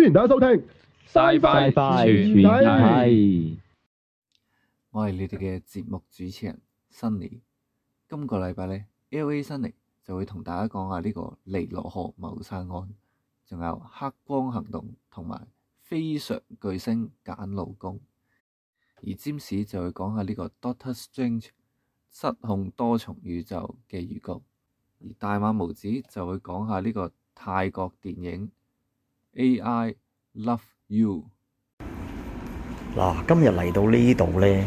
歡迎大家收聽，SciFi 全面睇我係你哋嘅節目主持人 Sunny，今個禮拜呢 LA 辛尼就會同大家講下呢個尼羅河謀殺案，仲有黑光行動同埋非常巨星揀老公。而占士就會講下呢個 Doctor Strange 失控多重宇宙嘅預告，而大馬毛子就會講下呢個泰國電影。AI love you。嗱，今日嚟到呢度咧，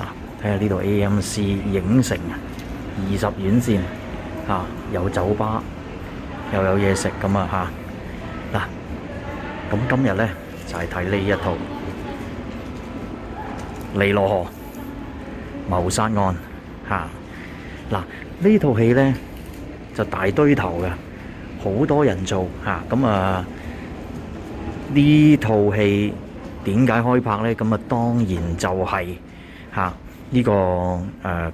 嗱，睇下呢度 AMC 影城，二十院線啊，有酒吧，又有嘢食，咁啊吓。嗱，咁今日咧就係睇呢一套《尼羅河謀殺案》吓。嗱，呢套戲咧就大堆頭㗎。好多人做嚇，咁啊呢套戲點解開拍咧？咁啊，當然就係吓呢個誒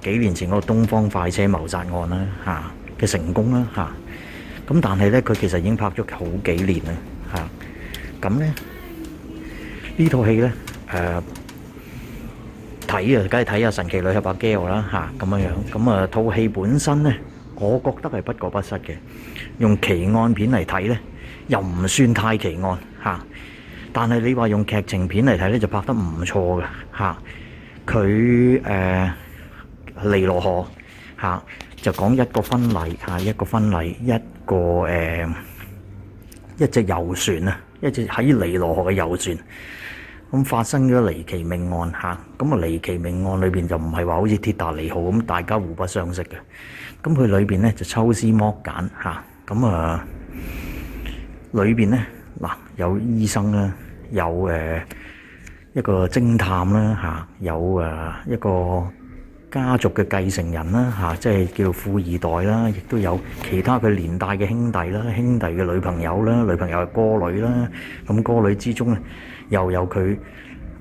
幾年前嗰個《東方快車謀殺案》啦吓嘅成功啦吓。咁但係咧，佢其實已經拍咗好幾年啦吓。咁咧呢套戲咧誒睇啊，梗係睇下《神奇女俠》阿，Gail 啦吓咁樣樣。咁啊套戲本身咧，我覺得係不過不失嘅。用奇案片嚟睇咧，又唔算太奇案嚇。但係你話用劇情片嚟睇咧，就拍得唔錯嘅嚇。佢誒尼羅河嚇，啊，就講一個婚禮嚇，一個婚禮，一個誒一隻遊船啊，一隻喺尼羅河嘅遊船，咁發生咗離奇命案嚇。咁啊離奇命案裏邊就唔係話好似鐵達尼號咁，大家互不相識嘅。咁佢裏邊咧就抽絲剝繭嚇。啊咁啊，裏邊咧嗱，有醫生啦，有誒一個偵探啦，吓有誒一個家族嘅繼承人啦，吓即係叫富二代啦，亦都有其他嘅連帶嘅兄弟啦，兄弟嘅女朋友啦，女朋友係歌女啦，咁歌女之中咧又有佢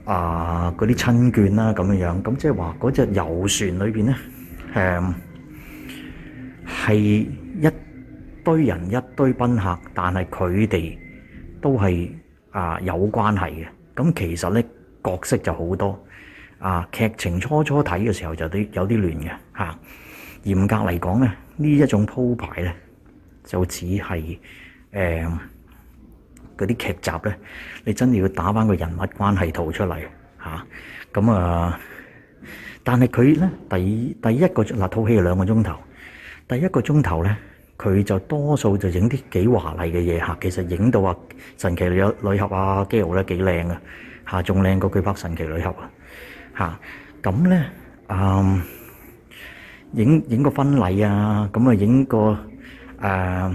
啊嗰啲親眷啦，咁樣樣，咁即係話嗰隻遊船裏邊咧，誒、嗯、係。堆人一堆賓客，但係佢哋都係啊有關係嘅。咁其實咧角色就好多啊，劇情初初睇嘅時候就啲有啲亂嘅嚇、啊。嚴格嚟講咧，呢一種鋪排咧就只係誒嗰啲劇集咧，你真係要打返個人物關係圖出嚟嚇。咁啊，啊，但係佢咧第第一個嗱套戲兩個鐘頭，第一個鐘頭咧。佢就多數就影啲幾華麗嘅嘢嚇，其實影到啊神奇女女俠啊基 a i 咧幾靚啊嚇，仲靚過佢拍神奇女俠啊嚇。咁咧、啊啊，嗯，影影個婚禮啊，咁啊影個誒，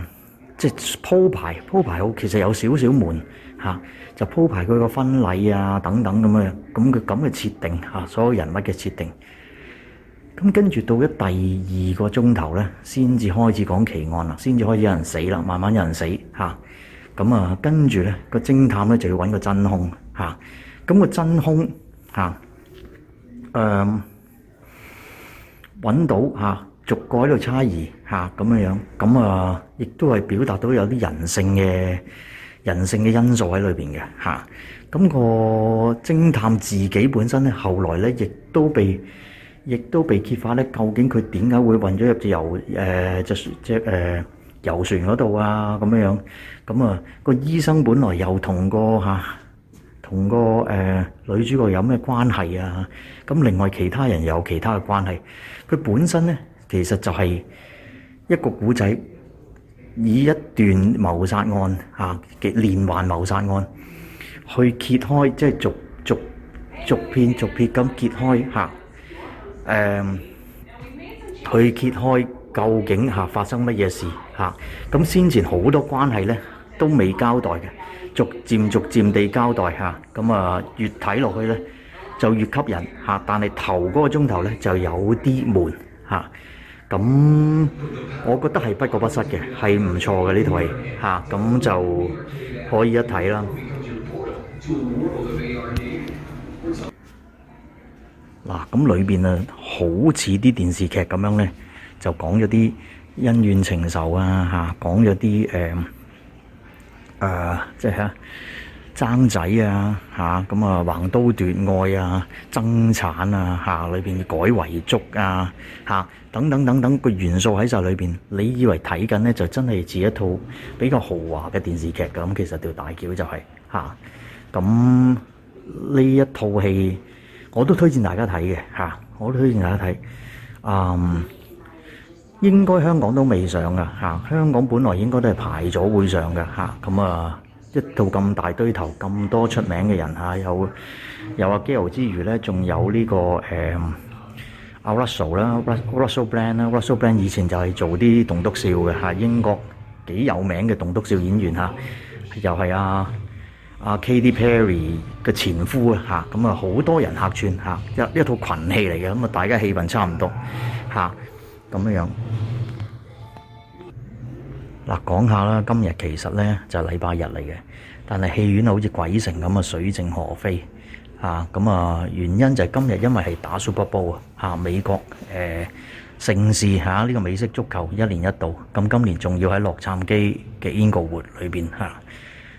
即係鋪排鋪排，鋪排好，其實有少少門嚇，就鋪排佢個婚禮啊等等咁嘅，咁嘅咁嘅設定嚇、啊，所有人物嘅設定。咁跟住到咗第二個鐘頭咧，先至開始講奇案啦，先至開始有人死啦，慢慢有人死嚇。咁啊，跟住咧個偵探咧就要揾個真兇嚇。咁、啊個真兇嚇，誒、啊、揾、嗯、到嚇、啊，逐個喺度猜疑嚇咁樣樣。咁啊，亦都係表達到有啲人性嘅人性嘅因素喺裏邊嘅嚇。咁、啊個偵探自己本身咧，後來咧亦都被亦都被揭發咧，究竟佢點解會運咗入隻遊誒隻船誒、呃、遊船嗰度啊？咁樣樣，咁啊個醫生本來又同個嚇、啊、同個誒、呃、女主角有咩關係啊？咁另外其他人又有其他嘅關係，佢本身咧其實就係一個古仔，以一段謀殺案嚇嘅、啊、連環謀殺案去揭開，即係逐逐逐片逐片咁揭開嚇。啊誒，um, 去揭開究竟嚇、啊、發生乜嘢事嚇？咁、啊啊、先前好多關係咧都未交代嘅，逐漸逐漸地交代嚇。咁啊、啊，越睇落去咧就越吸引嚇、啊。但係頭嗰個鐘頭咧就有啲悶嚇。咁、啊啊啊、我覺得係不過不失嘅，係唔錯嘅呢套戲嚇。咁、啊啊啊、就可以一睇啦。嗱，咁裏邊啊，好似啲電視劇咁樣咧，就講咗啲恩怨情仇、嗯呃、啊，吓講咗啲誒，誒，即係爭仔啊，吓咁啊，橫刀奪愛啊，爭產啊，吓裏邊改遺囑啊，吓等等等等個元素喺晒裏邊，你以為睇緊咧就真係似一套比較豪華嘅電視劇噶，咁其實條大橋就係、是、吓，咁、啊、呢一套戲。我都推薦大家睇嘅嚇，我都推薦大家睇。嗯，應該香港都未上噶嚇，香港本來應該都係排咗會上嘅嚇。咁啊，一套咁大堆頭咁多出名嘅人嚇，有有阿 Gal 之餘咧，仲有呢個誒阿 Russell 啦，Russell Brand 啦，Russell Brand 以前就係做啲棟篤笑嘅嚇，英國幾有名嘅棟篤笑演員嚇，又係啊～阿 Katy Perry 嘅前夫啊，嚇咁啊，好多人客串嚇一一套群戲嚟嘅，咁啊，大家氣氛差唔多嚇咁樣樣嗱，講下啦。今日其實咧就係禮拜日嚟嘅，但係戲院好似鬼城咁啊，水靜河飛嚇咁啊。原因就係今日因為係打 Super Bowl 啊嚇，美國誒、呃、盛事嚇呢、啊這個美式足球一年一度，咁今年仲要喺洛杉磯嘅 Englewood 裏邊嚇，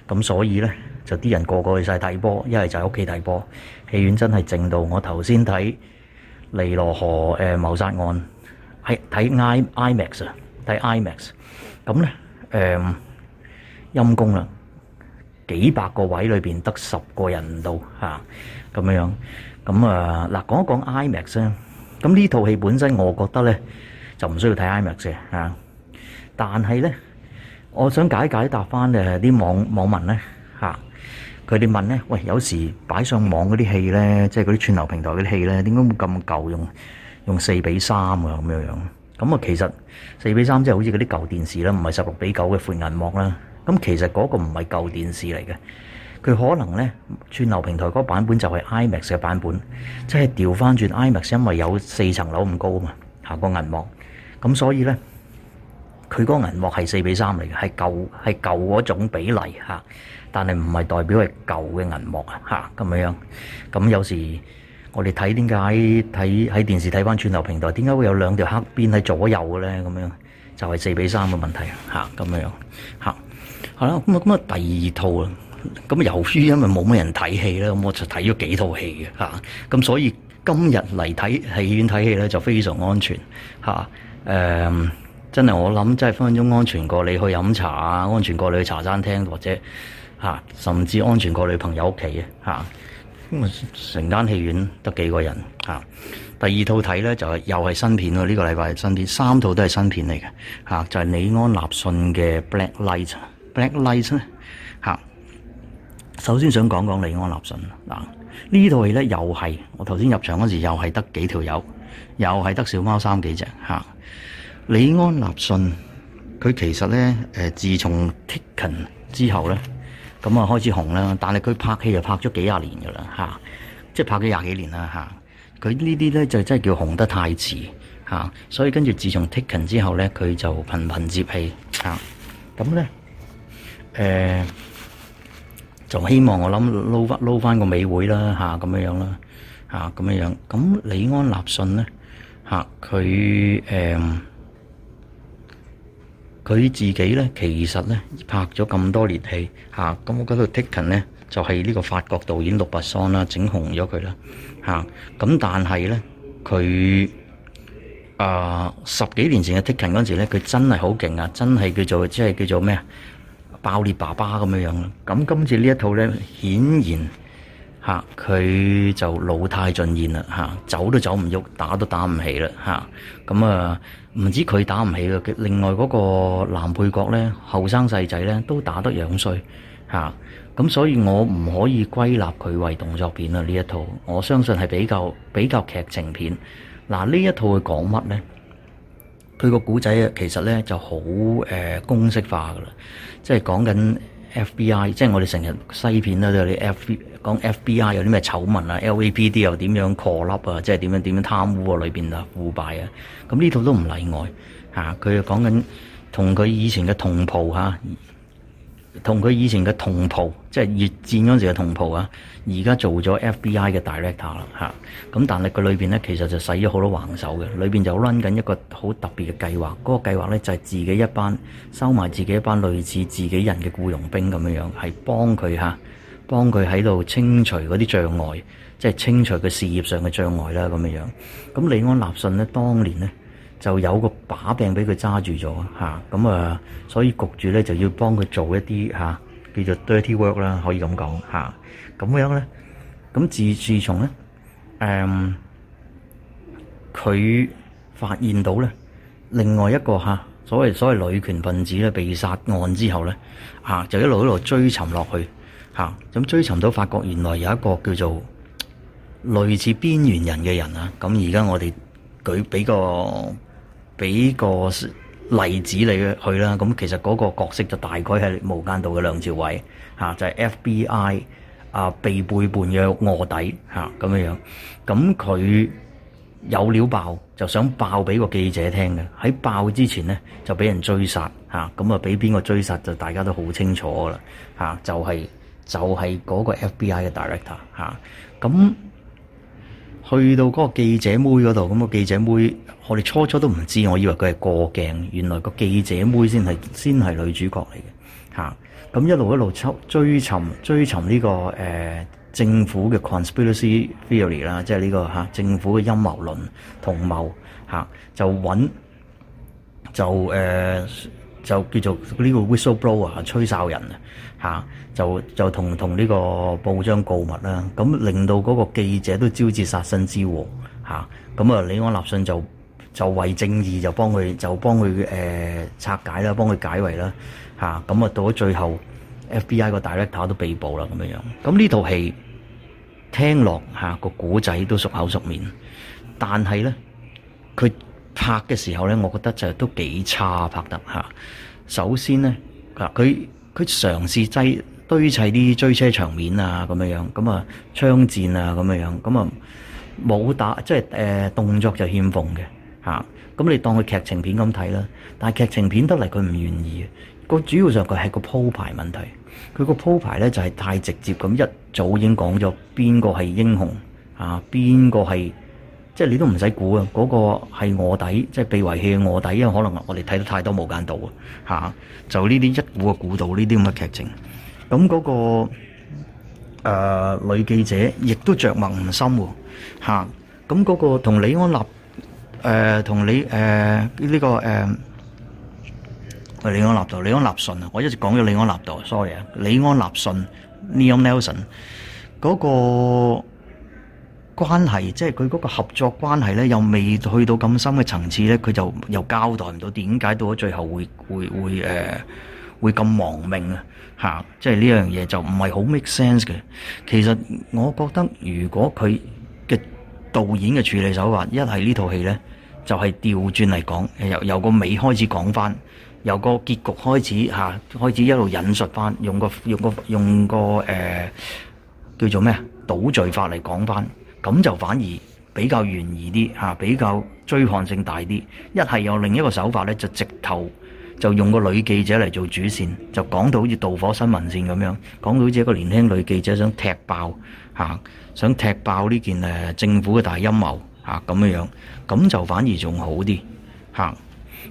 咁、啊、所以咧。就啲人個個去曬睇波，一係就喺屋企睇波。戲院真係靜到我頭先睇《尼羅河》誒，謀殺案，喺睇 IMAX 啊，睇 IMAX。咁咧，誒陰公啦，幾百個位裏邊得十個人唔到嚇咁樣。咁啊嗱，講一講 IMAX 先。咁呢套戲本身我覺得咧就唔需要睇 IMAX 嚇，但係咧我想解解答翻誒啲網網民咧嚇。佢哋問咧，喂，有時擺上網嗰啲戲咧，即係嗰啲串流平台嗰啲戲咧，點解會咁舊用用四比三啊咁樣樣？咁啊，其實四比三即係好似嗰啲舊電視啦，唔係十六比九嘅闊銀幕啦。咁其實嗰個唔係舊電視嚟嘅，佢可能咧串流平台嗰個版本就係 IMAX 嘅版本，即係調返轉 IMAX，因為有四層樓咁高啊嘛，下個銀幕，咁所以咧佢嗰個銀幕係四比三嚟嘅，係舊係舊嗰種比例嚇。但係唔係代表係舊嘅銀幕啊？嚇咁樣樣，咁有時我哋睇點解睇喺電視睇翻串流平台，點解會有兩條黑邊喺左右嘅咧？咁樣就係、是、四比三嘅問題嚇咁、啊、樣嚇係啦。咁啊咁啊第二套啊，咁由於因為冇乜人睇戲咧，咁我就睇咗幾套戲嘅嚇。咁、啊、所以今日嚟睇戲院睇戲咧就非常安全嚇。誒、啊嗯、真係我諗真係分分鐘安全過你去飲茶啊，安全過你去茶餐廳或者。嚇，甚至安全過女朋友屋企嘅嚇。咁啊，成間戲院得幾個人嚇？第二套睇咧就係又係新片咯，呢個禮拜係新片，三套都係新片嚟嘅嚇。就係李安納遜嘅《Black Light》，《Black Light》咧嚇。首先想講講李安納遜嗱，呢套戲咧又係我頭先入場嗰時又係得幾條友，又係得小貓三幾隻嚇。李安納遜佢其實咧誒，自從《Taken》之後咧。咁啊，開始紅啦，但係佢拍戲就拍咗幾廿年噶啦，嚇、啊，即係拍幾廿幾年啦，嚇、啊。佢呢啲咧就真係叫紅得太遲，嚇、啊。所以跟住自從 Taken 之後咧，佢就頻頻接戲啊。咁咧，誒、呃，就希望我諗撈翻撈翻個美會啦，嚇咁樣樣啦，嚇咁樣樣。咁李安立信咧，嚇佢誒。佢自己咧，其實咧拍咗咁多年戲，嚇，咁嗰套《Taken、那個》咧就係、是、呢個法國導演六拔桑啦，整紅咗佢啦，嚇。咁、啊、但係咧，佢啊、呃、十幾年前嘅《Taken》嗰陣時咧，佢真係好勁啊，真係叫做即係叫做咩啊爆裂爸爸咁樣樣咁、啊、今次呢一套咧，顯然。佢、啊、就老態盡現啦，嚇、啊，走都走唔喐，打都打唔起啦，嚇。咁啊，唔止佢打唔起咯。另外嗰個男配角呢，後生細仔呢都打得樣衰，嚇、啊。咁所以我唔可以歸納佢為動作片啊。呢一套我相信係比較比較劇情片。嗱、啊，呢一套佢講乜呢？佢個故仔其實呢就好誒、呃、公式化噶啦，即係講緊。FBI 即係我哋成日西片都有啲 FBI FBI 有啲咩醜聞啊 LAPD 又點樣 corrupt 啊，即係點樣點樣貪污啊，裏邊啊腐敗啊，咁呢套都唔例外嚇。佢又講緊同佢以前嘅同袍嚇。同佢以前嘅同袍，即係越戰嗰陣時嘅同袍啊，而家做咗 FBI 嘅 director 啦嚇。咁但係佢裏邊咧，其實就使咗好多橫手嘅，裏邊就 run 緊一個好特別嘅計劃。嗰、那個計劃咧就係自己一班收埋自己一班類似自己人嘅僱傭兵咁樣樣，係幫佢嚇，幫佢喺度清除嗰啲障礙，即係清除佢事業上嘅障礙啦咁樣樣。咁李安納信咧，當年咧。就有個把柄俾佢揸住咗嚇，咁啊，所以焗住咧就要幫佢做一啲嚇、啊、叫做 dirty work 啦，可以咁講嚇，咁、啊、樣咧，咁自自從咧，誒、嗯，佢發現到咧，另外一個嚇、啊、所謂所謂女權分子咧被殺案之後咧，啊，就一路一路追尋落去嚇，咁、啊、追尋到發覺原來有一個叫做類似邊緣人嘅人啊，咁而家我哋舉俾個。俾個例子你去啦，咁其實嗰個角色就大概係《無間道》嘅梁朝偉嚇，就係、是、FBI 啊被背叛嘅臥底嚇咁樣樣，咁佢有料爆就想爆俾個記者聽嘅，喺爆之前咧就俾人追殺嚇，咁啊俾邊個追殺就大家都好清楚啦嚇，就係、是、就係、是、嗰個 FBI 嘅 director 嚇，咁。去到嗰個記者妹嗰度，咁、嗰個記者妹，我哋初初都唔知，我以為佢係過鏡，原來個記者妹先係先係女主角嚟嘅，嚇、啊！咁一路一路追尋追尋追尋呢個誒、啊、政府嘅 conspiracy theory 啦、啊，即係呢、呢個嚇、啊、政府嘅陰謀論同謀嚇、啊，就揾就誒、啊、就叫做呢個 whistleblower 啊，吹哨人啊！嚇， 就就同同呢個報章告密啦，咁令到嗰個記者都招致殺身之禍嚇。咁啊，李安納遜就就為正義就幫佢就幫佢誒、欸、拆解啦，幫佢解圍啦嚇。咁啊，到咗最後 FBI 個大叻頭都被捕啦咁樣樣。咁呢套戲聽落嚇、啊、個古仔都熟口熟面，但係咧佢拍嘅時候咧，我覺得就都幾差拍得嚇、啊。首先咧嗱佢，啊佢嘗試砌堆砌啲追車場面啊，咁樣樣，咁啊槍戰啊，咁樣樣，咁啊武打即係誒、呃、動作就欠奉嘅嚇，咁、啊、你當佢劇情片咁睇啦。但係劇情片得嚟佢唔願意，個主要上佢係個鋪排問題。佢個鋪排咧就係、是、太直接咁，一早已經講咗邊個係英雄啊，邊個係。即係你都唔使估啊，嗰、那個係臥底，即係被遺棄嘅臥底因為啊，可能我哋睇得太多無間道啊，嚇，就呢啲一股嘅古道，呢啲咁嘅劇情。咁嗰、那個、呃、女記者亦都着墨唔深喎。咁嗰個同李安納誒同李誒呢、呃這個誒、呃、李安納道李安納信啊，我一直講咗李安納道，sorry，李安納信 Nelson 嗰、那個。關係即係佢嗰個合作關係呢，又未去到咁深嘅層次呢，佢就又交代唔到點解到咗最後會會會誒、呃、會咁亡命啊嚇！即係呢樣嘢就唔係好 make sense 嘅。其實我覺得，如果佢嘅導演嘅處理手法一係呢套戲呢，就係調轉嚟講，由由個尾開始講返，由個結局開始嚇、啊，開始一路引述返，用個用個用個誒、呃、叫做咩啊，倒敘法嚟講返。咁就反而比較懸疑啲嚇，比較追看性大啲。一係有另一個手法咧，就直頭就用個女記者嚟做主線，就講到好似導火新聞線咁樣，講到好似一個年輕女記者想踢爆嚇，想踢爆呢件誒政府嘅大陰謀嚇咁樣，咁就反而仲好啲嚇。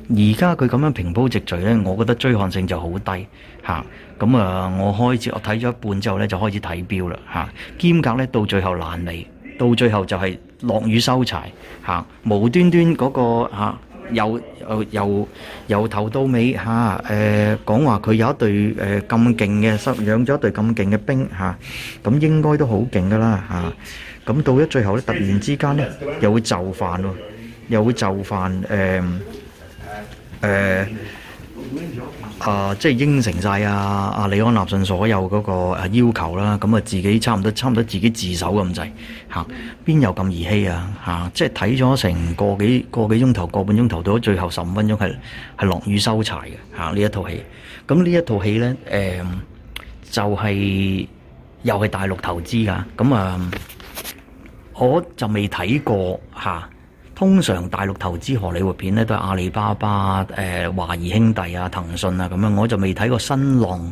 而家佢咁樣平鋪直敍咧，我覺得追看性就好低嚇。咁啊，我開始我睇咗一半之後咧，就開始睇錶啦嚇，兼夾咧到最後爛尾。到最後就係落雨收柴嚇，無端端嗰個嚇，由由由由頭到尾嚇，誒講話佢有一隊誒咁勁嘅收養咗一隊咁勁嘅兵嚇，咁應該都好勁噶啦嚇，咁到咗最後咧，突然之間咧又會就範喎，又會就範誒誒。呃、啊，即係應承晒啊！阿李安納信所有嗰個要求啦，咁啊自己差唔多，差唔多自己自首咁滯吓，邊、啊、有咁兒戲啊吓、啊！即係睇咗成個幾個幾鐘頭，個半鐘頭到最後十五分鐘係係落雨收柴嘅吓，呢、啊、一套戲。咁呢一套戲呢，誒、嗯，就係、是、又係大陸投資㗎，咁啊，我就未睇過吓。啊通常大陸投資荷里活片咧都係阿里巴巴、誒華誼兄弟啊、騰訊啊咁樣，我就未睇過新浪。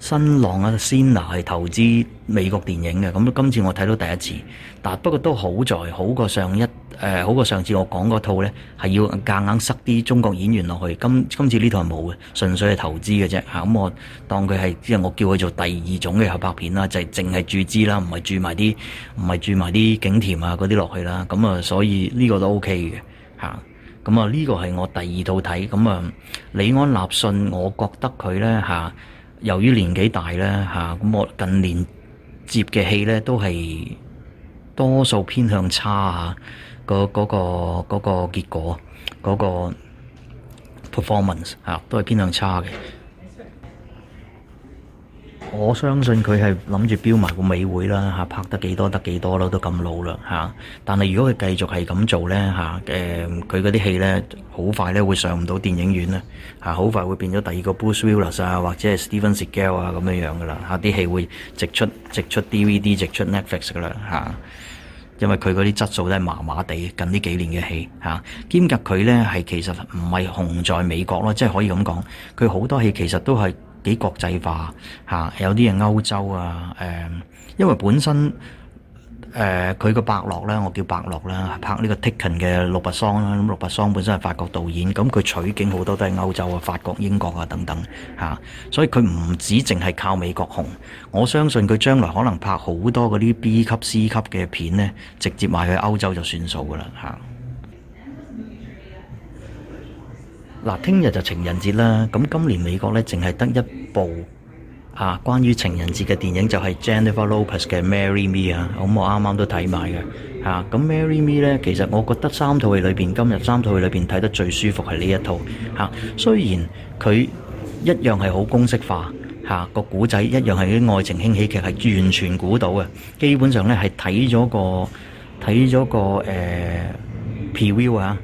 新浪啊，Sina 係投資美國電影嘅，咁今次我睇到第一次，但不過都好在好過上一誒、呃、好過上次我講嗰套呢，係要夾硬塞啲中國演員落去。今今次呢套係冇嘅，純粹係投資嘅啫嚇。咁、啊嗯、我當佢係即係我叫佢做第二種嘅合拍片啦、啊，就係淨係注資啦，唔、啊、係注埋啲唔係注埋啲景甜啊嗰啲落去啦。咁啊，所以呢個都 O K 嘅嚇。咁啊，呢個係我第二套睇，咁啊李安納信，我覺得佢呢。嚇、啊。由於年紀大咧吓，咁我近年接嘅戲咧都係多數偏向差啊，嗰個嗰個、嗰個結果、嗰個 performance 嚇都係偏向差嘅。我相信佢係諗住標埋個尾會啦，嚇拍得幾多得幾多咯，都咁老啦，嚇、啊！但係如果佢繼續係咁做咧，嚇、啊，誒、呃，佢嗰啲戲咧，好快咧會上唔到電影院啦，嚇、啊，好快會變咗第二個 Bruce Willis 啊，或者係 Steven Seagal 啊咁樣樣噶啦，嚇、啊，啲戲會直出直出 DVD、直出，出 Netflix 噶啦，嚇、啊，因為佢嗰啲質素都係麻麻地，近呢幾年嘅戲嚇，兼夾佢咧係其實唔係紅在美國咯，即係可以咁講，佢好多戲其實都係。幾國際化吓、啊，有啲係歐洲啊，誒、嗯，因為本身誒佢個伯洛咧，我叫伯洛啦，拍呢、這個《Taken》嘅路伯桑啦，咁路伯桑本身係法國導演，咁佢取景好多都係歐洲啊，法國、英國啊等等吓、啊，所以佢唔止淨係靠美國紅，我相信佢將來可能拍好多嗰啲 B 級、C 級嘅片咧，直接賣去歐洲就算數噶啦吓。啊嗱，聽日就情人節啦，咁今年美國咧，淨係得一部啊，關於情人節嘅電影就係 Jennifer Lopez 嘅《Marry Me》啊，咁我啱啱都睇埋嘅。嚇、啊，咁《Marry Me》咧，其實我覺得三套戲裏邊，今日三套戲裏邊睇得最舒服係呢一套，嚇、啊，雖然佢一樣係好公式化，嚇、個古仔一樣係啲愛情輕喜劇，係完全估到嘅，基本上咧係睇咗個睇咗個誒、呃、preview 啊。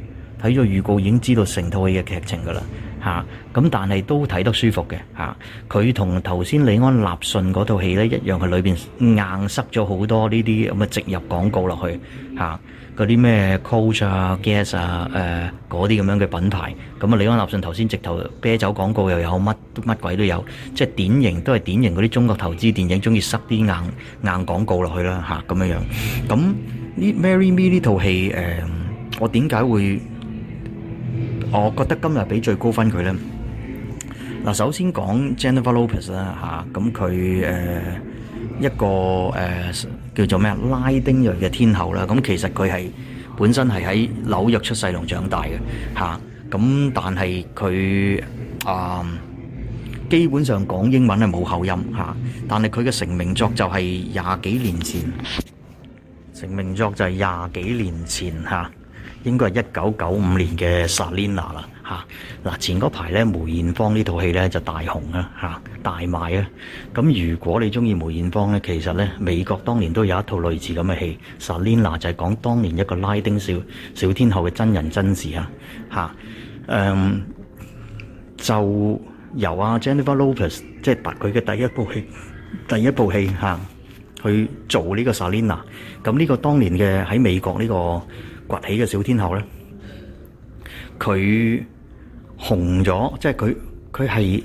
睇咗預告已經知道成套戲嘅劇情噶啦，嚇、啊、咁但係都睇得舒服嘅嚇。佢同頭先連恩尼遜嗰套戲咧，一樣，佢裏邊硬塞咗好多呢啲咁嘅植入廣告落去嚇。嗰啲咩 Coach 啊、Guess 啊、誒嗰啲咁樣嘅品牌，咁、嗯、啊連恩尼遜頭先直頭啤酒廣告又有乜乜鬼都有，即係典型都係典型嗰啲中國投資電影鍾意塞啲硬硬廣告落去啦嚇咁樣樣。咁、嗯、呢《Marry Me》呢套戲誒，我點解會？我覺得今日俾最高分佢呢。嗱，首先講 Jennifer Lopez 啦嚇，咁佢誒一個誒叫做咩啊拉丁裔嘅天后啦，咁其實佢係本身係喺紐約出世同長大嘅嚇，咁但係佢啊基本上講英文係冇口音嚇，但係佢嘅成名作就係廿幾年前，成名作就係廿幾年前嚇。應該係、啊、一九九五年嘅《Salina》啦，嚇嗱前嗰排咧，梅艷芳呢套戲咧就大紅啊，嚇大賣啊。咁如果你中意梅艷芳咧，其實咧美國當年都有一套類似咁嘅戲，《Salina》就係講當年一個拉丁小小天后嘅真人真事啊，嚇、嗯、誒就由阿、啊、Jennifer Lopez 即係佢嘅第一部戲，第一部戲嚇、啊、去做呢個《Salina》。咁呢個當年嘅喺美國呢、這個。崛起嘅小天后咧，佢紅咗，即係佢佢係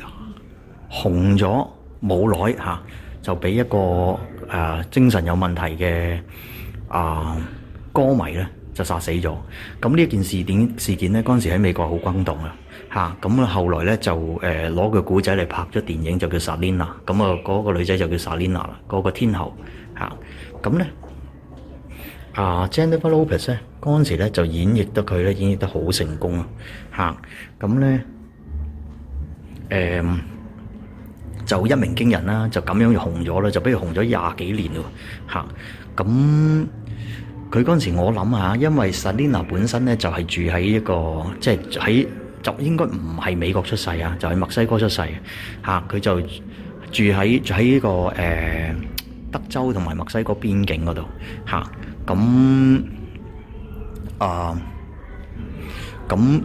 紅咗冇耐嚇，就俾一個誒、呃、精神有問題嘅啊歌迷咧就殺死咗。咁、嗯、呢件事件事件咧，嗰陣時喺美國好轟動啊嚇。咁啊，後來咧就誒攞、呃、個古仔嚟拍咗電影，就叫 s a 莎蓮娜。咁啊，嗰、那個女仔就叫莎蓮娜啦，嗰個天后嚇。咁咧啊，啊，Jennifer Lopez 咧。嗰陣時咧就演繹得佢咧演繹得好成功啊！嚇，咁咧誒，就一鳴驚人啦，就咁樣紅咗啦，就畀佢紅咗廿幾年喎！嚇，咁佢嗰陣時我諗嚇，因為 Selena 本身咧就係住喺一個即係喺，就應該唔係美國出世啊，就係墨西哥出世嚇，佢就住喺住喺呢個誒德州同埋墨西哥邊境嗰度嚇咁。啊，咁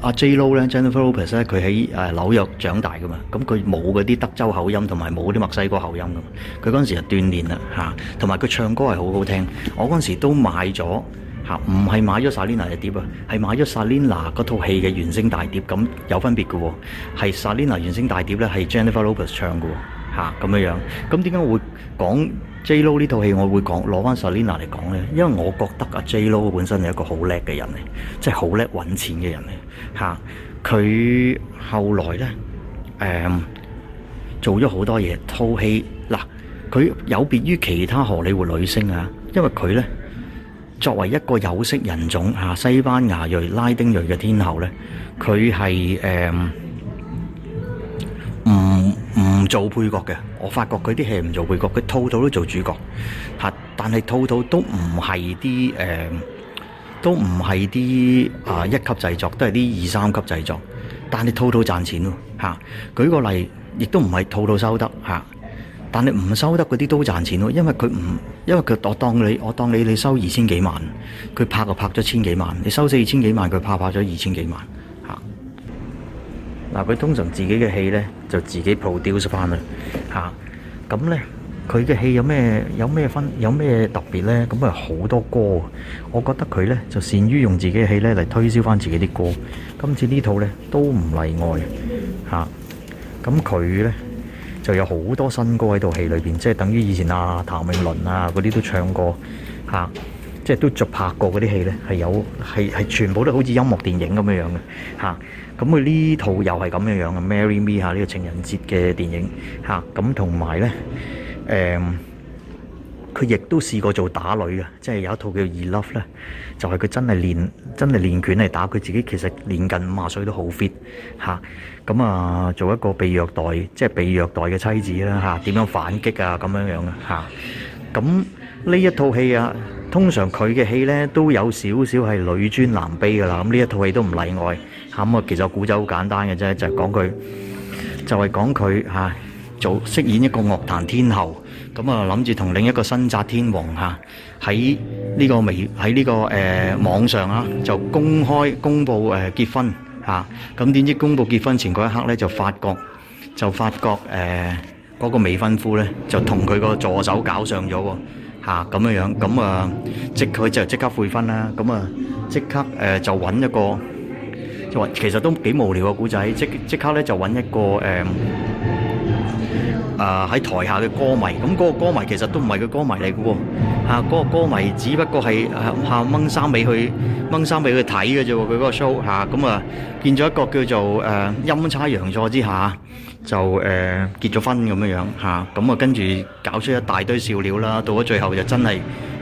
阿 J-Lo 咧，Jennifer Lopez 咧，佢喺誒紐約長大噶嘛，咁佢冇嗰啲德州口音，同埋冇啲墨西哥口音噶嘛，佢嗰陣時就鍛鍊啦嚇，同埋佢唱歌係好好聽，我嗰陣時都買咗嚇，唔係買咗 Selena 嘅碟啊，係買咗 Selena 嗰套戲嘅原聲大碟，咁有分別噶喎，哦，係 Selena 原聲大碟咧係 Jennifer Lopez 唱噶喎嚇咁樣樣，咁點解會講？J.Lo 呢套戲，我會講攞翻 Selena 嚟講咧，因為我覺得啊 J.Lo 本身係一個好叻嘅人嚟，即係好叻揾錢嘅人嚟。嚇、啊。佢後來咧，誒、嗯、做咗好多嘢套戲，嗱、啊、佢有別於其他荷里活女星啊，因為佢咧作為一個有色人種嚇、啊、西班牙裔拉丁裔嘅天后咧，佢係誒、嗯做配角嘅，我發覺佢啲戲唔做配角，佢套套都做主角，吓，但係套套都唔係啲誒，都唔係啲啊一級製作，都係啲二三級製作。但係套套賺錢咯，吓、啊。舉個例，亦都唔係套套收得吓、啊，但係唔收得嗰啲都賺錢咯，因為佢唔，因為佢當當你我當你我當你，你收二千幾萬，佢拍就拍咗千幾萬，你收四千幾萬，佢拍拍咗二千幾萬。嗱，佢、啊、通常自己嘅戲呢，就自己 produce 翻啦，嚇、啊！咁呢，佢嘅戲有咩有咩分有咩特別呢？咁啊，好多歌我覺得佢呢，就善於用自己嘅戲呢嚟推銷翻自己啲歌。今次呢套呢，都唔例外，嚇、啊！咁佢呢，就有好多新歌喺度戲裏邊，即係等於以前啊，譚詠麟啊嗰啲都唱過，嚇、啊！即係都著拍過嗰啲戲呢，係有係係全部都好似音樂電影咁樣樣嘅，嚇、啊！咁佢呢套又係咁樣樣嘅《Marry Me》嚇，呢個情人節嘅電影嚇。咁同埋呢，誒、嗯，佢亦都試過做打女嘅，即係有一套叫《二、e、Love 呢》呢就係、是、佢真係練真係練拳嚟打佢自己。其實年近五十歲都好 fit 嚇。咁啊，做一個被虐待，即係被虐待嘅妻子啦嚇，點、啊、樣反擊啊咁樣樣嚇。咁、啊、呢、啊、一套戲啊，通常佢嘅戲呢都有少少係女尊男卑噶啦。咁呢一套戲都唔例外。咁啊，其實故仔好簡單嘅啫，就係講佢就係講佢嚇做飾演一個樂壇天后，咁啊諗住同另一個新紮天王嚇喺呢個微喺呢個誒網上啊，就公開公佈誒結婚嚇。咁點知公佈結婚前嗰一刻咧，就發覺就發覺誒嗰個未婚夫咧就同佢個助手搞上咗喎嚇咁樣樣，咁啊即佢就即刻悔婚啦，咁啊即刻誒就揾一個。其實都幾無聊嘅故仔，即即刻咧就揾一個誒啊喺台下嘅歌迷，咁、嗯、嗰、嗰個歌迷其實都唔係佢歌迷嚟嘅喎，嚇、啊、嗰個歌迷只不過係嚇掹衫尾去掹衫尾去睇嘅啫喎，佢嗰個 show 嚇，咁啊、嗯、啊見咗一個叫做誒陰差陽錯之下就誒、啊、結咗婚咁樣樣嚇，咁啊、嗯、啊跟住搞出一大堆笑料啦，到咗最後就真係。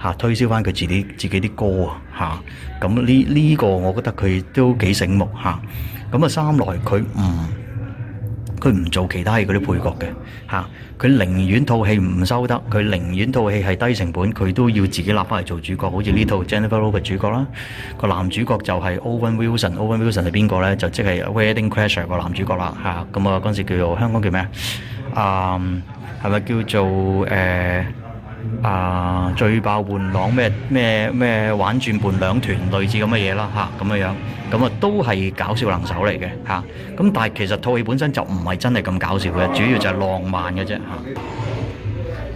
嚇、啊、推銷翻佢自己自己啲歌啊嚇，咁呢呢個我覺得佢都幾醒目嚇。咁啊三來佢唔佢唔做其他嗰啲配角嘅嚇，佢、啊、寧願套戲唔收得，佢寧願套戲係低成本，佢都要自己立翻嚟做主角。好似呢套 Jennifer Lopez 嘅主角啦，個男主角就係 Owen Wilson，Owen Wilson 係邊個咧？就即係 Wedding Crashers 個男主角啦嚇。咁啊嗰陣、啊啊、時叫做香港叫咩、um, 啊？係咪叫做誒？啊，醉爆伴郎咩咩咩玩轉伴兩團類似咁嘅嘢啦吓，咁嘅樣，咁啊都係搞笑能手嚟嘅吓。咁但係其實套戲本身就唔係真係咁搞笑嘅，主要就係浪漫嘅啫吓。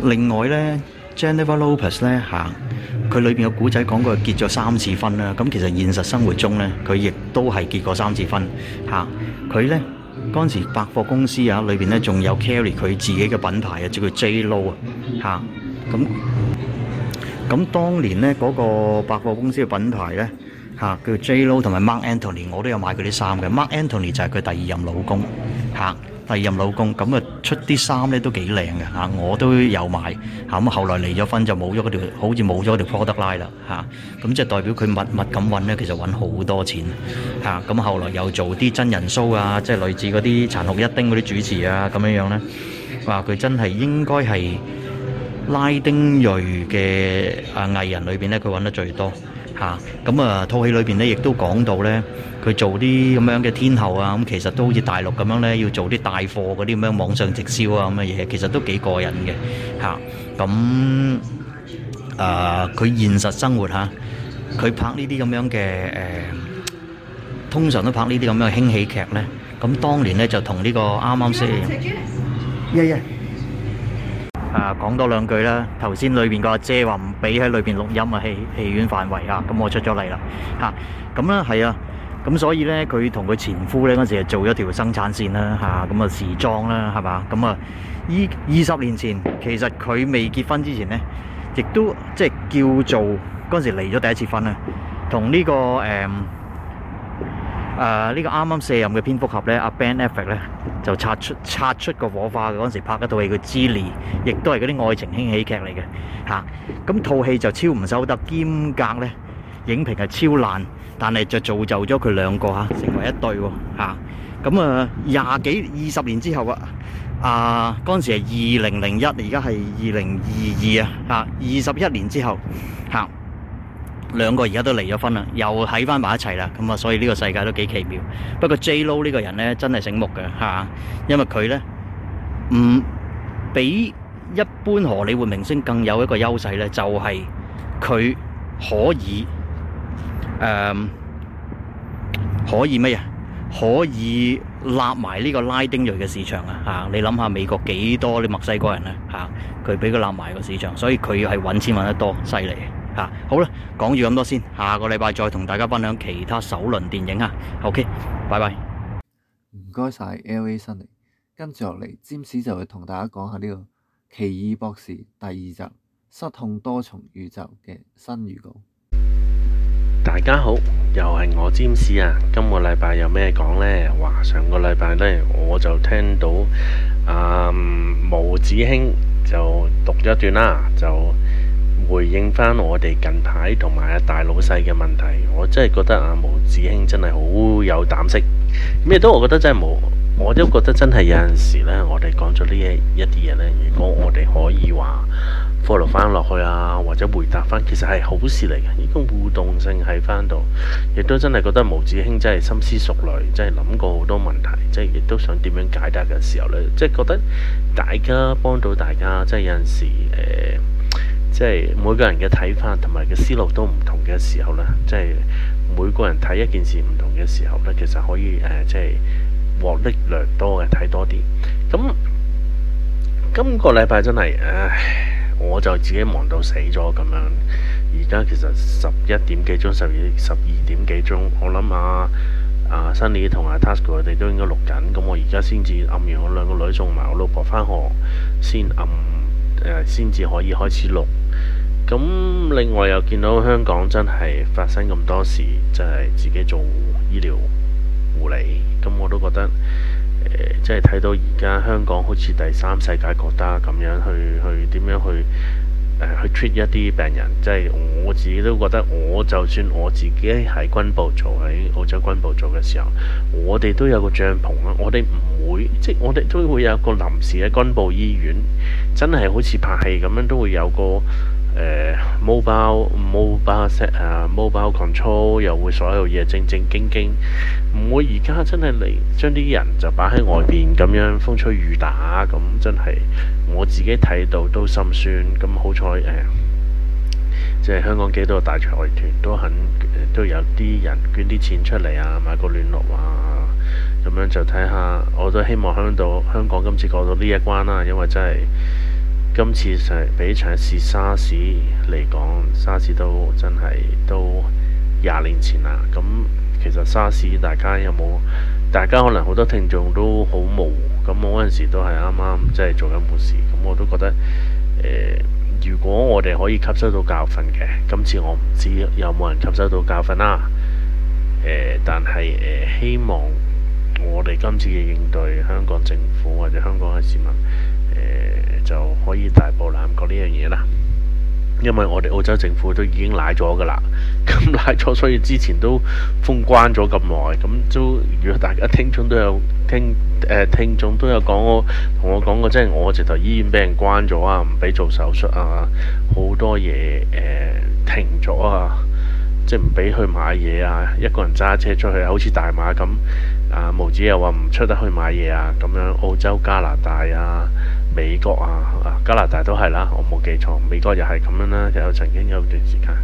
另外咧，Jennifer Lopez 咧吓，佢裏邊嘅古仔講過結咗三次婚啦，咁其實現實生活中咧，佢亦都係結過三次婚吓。佢咧嗰陣時百貨公司啊，裏邊咧仲有 Carrie 佢自己嘅品牌啊，叫佢 J Lo 啊吓。咁咁，當年咧嗰個百貨公司嘅品牌咧，嚇叫 J Lo 同埋 Marc Anthony，我都有買佢啲衫嘅。Marc Anthony 就係佢第二任老公，嚇第二任老公，咁啊出啲衫咧都幾靚嘅嚇，我都有買嚇。咁後來離咗婚就冇咗嗰條，好似冇咗嗰條 product line 啦嚇。咁即係代表佢密密咁揾咧，其實揾好多錢嚇。咁後來又做啲真人 show 啊，即係類似嗰啲殘酷一丁嗰啲主持啊，咁樣樣咧，話佢真係應該係，拉丁裔嘅啊藝人裏邊咧，佢揾得最多嚇。咁啊，套戲裏邊咧，亦都講到咧，佢做啲咁樣嘅天后啊，咁其實都好似大陸咁樣咧，要做啲帶貨嗰啲咁樣網上直銷啊咁嘅嘢，其實都幾過癮嘅嚇。咁啊，佢現實生活嚇，佢拍呢啲咁樣嘅誒，通常都拍呢啲咁樣嘅輕喜劇咧。咁當年咧就同呢個啱啱識。啊，講多兩句啦。頭先裏邊個阿姐話唔俾喺裏邊錄音戲戲啊，戲戲院範圍啊，咁我出咗嚟啦。吓，咁咧係啊，咁、嗯、所以咧佢同佢前夫咧嗰時係做咗條生產線啦。吓，咁啊時裝啦，係嘛，咁啊，二、嗯嗯、二十年前其實佢未結婚之前咧，亦都即係叫做嗰時離咗第一次婚啦，同呢、呢個誒。嗯誒，呢、呃這個啱啱卸任嘅蝙蝠俠咧，阿、啊、Ben Affleck 咧就擦出擦出個火花嘅嗰陣時拍一套戲，叫《芝戀》，亦都係嗰啲愛情輕喜劇嚟嘅吓。咁套戲就超唔收得，兼夾，咧影評係超爛，但係就造就咗佢兩個吓、啊、成為一對吓。咁啊，廿、啊、幾二十年之後啊，啊嗰陣時係二零零一，而家係二零二二啊，吓二十一年之後吓。啊兩個而家都離咗婚啦，又喺翻埋一齊啦。咁啊，所以呢個世界都幾奇妙。不過 J Lo 呢個人呢，真係醒目㗎吓、啊，因為佢呢，唔、嗯、比一般荷里活明星更有一個優勢呢，就係、是、佢可以誒、嗯、可以乜嘢？可以立埋呢個拉丁裔嘅市場啊吓！你諗下美國幾多啲墨西哥人呢啊吓？佢俾佢立埋個市場，所以佢係揾錢揾得多，犀利。啊、好啦，講住咁多先，下個禮拜再同大家分享其他首輪電影啊。OK，拜拜。唔該晒 LA 辛尼，跟住落嚟，James 就會同大家講下呢個奇異博士第二集失控多重宇宙嘅新預告。 大家好，又係我 James 啊。今個禮拜有咩講呢？哇，上個禮拜呢，我就聽到啊，毛、嗯、子兄就讀咗一段啦，就。回應翻我哋近排同埋阿大老細嘅問題，我真係覺得啊，毛子兄真係好有膽識。咩都，我覺得真係冇，我都覺得真係有陣時呢，我哋講咗呢一一啲嘢呢，如果我哋可以話 follow 翻落去啊，或者回答翻，其實係好事嚟嘅，呢個互動性喺翻度，亦都真係覺得毛子兄真係深思熟慮，真係諗過好多問題，即係亦都想點樣解答嘅時候呢，即係覺得大家幫到大家，即係有陣時誒。呃即係每個人嘅睇法同埋嘅思路都唔同嘅時候呢，即係每個人睇一件事唔同嘅時候呢，其實可以、呃、即係獲益良多嘅睇多啲。咁今個禮拜真係，唉，我就自己忙到死咗咁樣。而家其實十一點幾鐘，十二十二點幾鐘，我諗啊啊，Sunny 同阿 Tasker 佢哋都應該錄緊。咁我而家先至暗完我兩個女送埋我老婆返學，先暗。先至、呃、可以開始錄。咁另外又見到香港真係發生咁多事，就係、是、自己做醫療護理。咁我都覺得誒，即係睇到而家香港好似第三世界國家咁樣，去去點樣去？去 treat 一啲病人，即係我自己都覺得，我就算我自己喺軍部做，喺澳洲軍部做嘅時候，我哋都有個帳篷啦。我哋唔會，即係我哋都會有一個臨時嘅軍部醫院，真係好似拍戲咁樣，都會有個。誒、uh, mobile mobile set 啊、uh，mobile control 又會所有嘢正正經經，唔會而家真係嚟將啲人就擺喺外邊咁樣風吹雨打咁，真係我自己睇到都心酸。咁好彩誒，即、uh, 係香港幾多大財團都肯、uh, 都有啲人捐啲錢出嚟啊，買個暖爐啊，咁樣就睇下。我都希望香港香港今次過到呢一關啦、啊，因為真係。今次上比上一次沙士嚟講，沙士都真係都廿年前啦。咁、嗯、其實沙士大家有冇？大家可能好多聽眾都好模糊。咁我嗰陣時都係啱啱即係做緊護士，咁、嗯、我都覺得、呃、如果我哋可以吸收到教訓嘅，今次我唔知有冇人吸收到教訓啦、呃。但係、呃、希望我哋今次嘅應對，香港政府或者香港嘅市民、呃就可以大步檻過呢樣嘢啦，因為我哋澳洲政府都已經賴咗噶喇。咁賴咗，所以之前都封關咗咁耐，咁都如果大家聽眾都有聽誒，聽眾、呃、都有講我同我講過，即係我直頭醫院俾人關咗啊，唔俾做手術啊，好多嘢誒停咗啊，即係唔俾去買嘢啊，一個人揸車出去好似大馬咁啊，呃、毛子又話唔出得去買嘢啊，咁樣澳洲、加拿大啊。美國啊，加拿大都係啦，我冇記錯。美國又係咁樣啦，有曾經有段時間。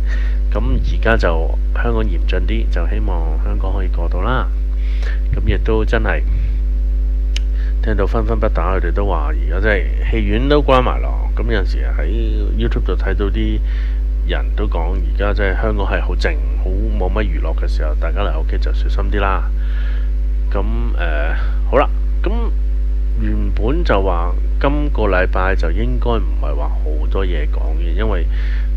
咁而家就香港嚴峻啲，就希望香港可以過到啦。咁亦都真係聽到分分不打，佢哋都話而家真係戲院都關埋咯。咁有陣時喺 YouTube 度睇到啲人都講，而家真係香港係好靜，好冇乜娛樂嘅時候，大家嚟屋企就小心啲啦。咁誒、呃，好啦。原本就話今個禮拜就應該唔係話好多嘢講嘅，因為